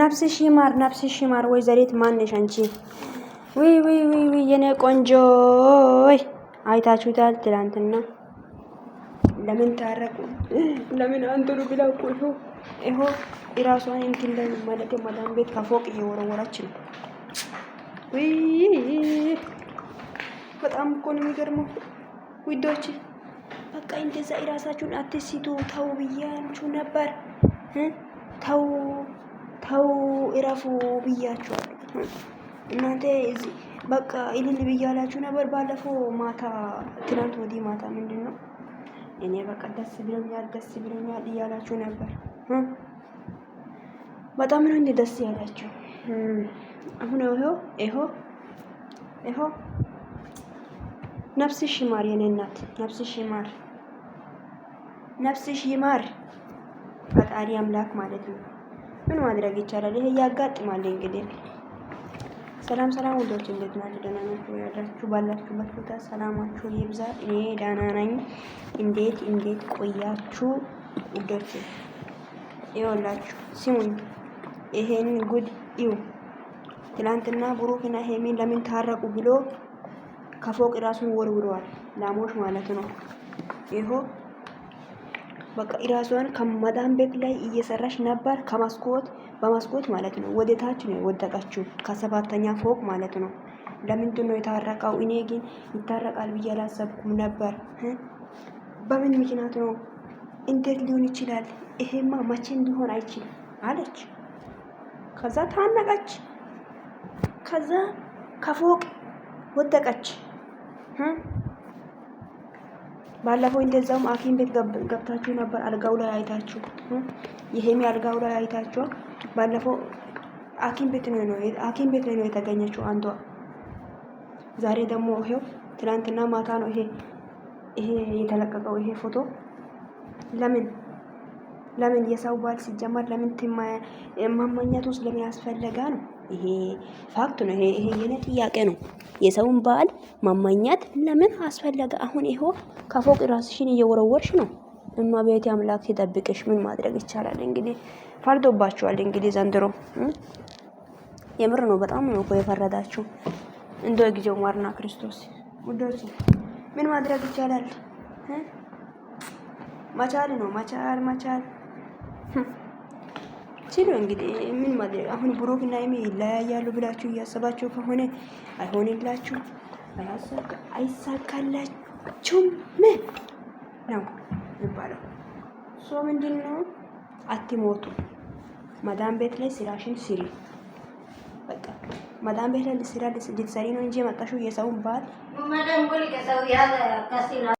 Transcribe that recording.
ነፍስሽ ይማር፣ ነፍስሽ ይማር። ወይዘሪት ማነሽ አንቺ? ውይ ውይ ውይ ውይ የኔ ቆንጆ አይታችሁታል። ትላንትና ለምን ታረቁ? ለምን አንተሩ ብላ ቆሾ ይሆ እራሷን እንትን ላይ ማለት ማዳም ቤት ከፎቅ እየወረወራች ነው። ውይ በጣም እኮ ነው የሚገርመው ውዶች። በቃ እንደዛ እራሳችሁን አትስቱ። ተው ብያችሁ ነበር። ተው ተው ኢራፉ ብያችኋለሁ። እናንተ እዚህ በቃ እልል ብያላችሁ ነበር። ባለፈው ማታ፣ ትናንት ወዲህ ማታ ምንድን ነው እኔ በቃ ደስ ብሎኛል፣ ደስ ብሎኛል እያላችሁ ነበር። በጣም ነው እንዴ ደስ ያላችሁ። አሁን ይሆ ይሆ ይሆ ነፍስሽ ይማር የኔ እናት፣ ነፍስሽ ይማር፣ ነፍስሽ ይማር ፈጣሪ አምላክ ማለት ነው። ምን ማድረግ ይቻላል? ይሄ ያጋጥማል እንግዲህ። ሰላም ሰላም ወንዶች እንዴት ናችሁ? ደህና ናችሁ ያላችሁ ባላችሁበት ቦታ ሰላማችሁ ይብዛ። እኔ ደህና ነኝ። እንዴት እንዴት ቆያችሁ ውዶች? ይኸውላችሁ ስሙኝ፣ ይሄን ጉድ ይው ትላንትና ብሩክና ሄሚን ለምን ታረቁ ብሎ ከፎቅ ራሱን ወርውረዋል። ላሞች ማለት ነው ይኸው በቃ ራሷን ከመዳን ቤት ላይ እየሰራች ነበር። ከመስኮት በመስኮት ማለት ነው ወደ ታች ነው የወደቀችው ከሰባተኛ ፎቅ ማለት ነው። ለምንድን ነው የታረቀው? እኔ ግን ይታረቃል ብዬ አላሰብኩም ነበር። በምን ምክንያት ነው? እንዴት ሊሆን ይችላል? ይሄማ መቼም ሊሆን አይችልም አለች። ከዛ ታነቀች፣ ከዛ ከፎቅ ወደቀች። ባለፈው እንደዛውም ሐኪም ቤት ገብታችሁ ነበር። አልጋው ላይ አይታችሁ ይሄም አልጋው ላይ አይታችሁ ባለፈው ሐኪም ቤት ነው ነው ሐኪም ቤት ነው የተገኘችው አንዷ። ዛሬ ደግሞ ይሄው ትናንትና ማታ ነው ይሄ ይሄ የተለቀቀው ይሄ ፎቶ ለምን ለምን የሰው ባል ሲጀመር ለምን ማማኘት ውስጥ ለምን ነው ይሄ ፋክት ነው። ይሄ የኔ ጥያቄ ነው። የሰውን ባል ማማኘት ለምን አስፈለገ? አሁን ይሄው ከፎቅ ራስሽን እየወረወርሽ ነው። እመቤቴ አምላክ ሲጠብቅሽ ምን ማድረግ ይቻላል? እንግዲህ ፈርዶባችኋል። እንግዲህ ዘንድሮ የምር ነው። በጣም ነው እኮ የፈረዳችሁ። እንደ ጊዜው ማርና ክርስቶስ ውዶች፣ ምን ማድረግ ይቻላል? መቻል ነው መቻል መቻል ሲሉ እንግዲህ ምን ማለት አሁን ብሩክ እና ሀይሚ ይለያያሉ ብላችሁ እያሰባችሁ ከሆነ አይሆንላችሁ፣ አይሳካላችሁም ምን ነው የሚባለው? ሶ ምንድን ነው አትሞቱ። ማዳም ቤት ላይ ስራሽን ስሪ። በቃ ማዳም ቤት ላይ ስራ ልትሰሪ ነው እንጂ የመጣሽው የሰውን ባል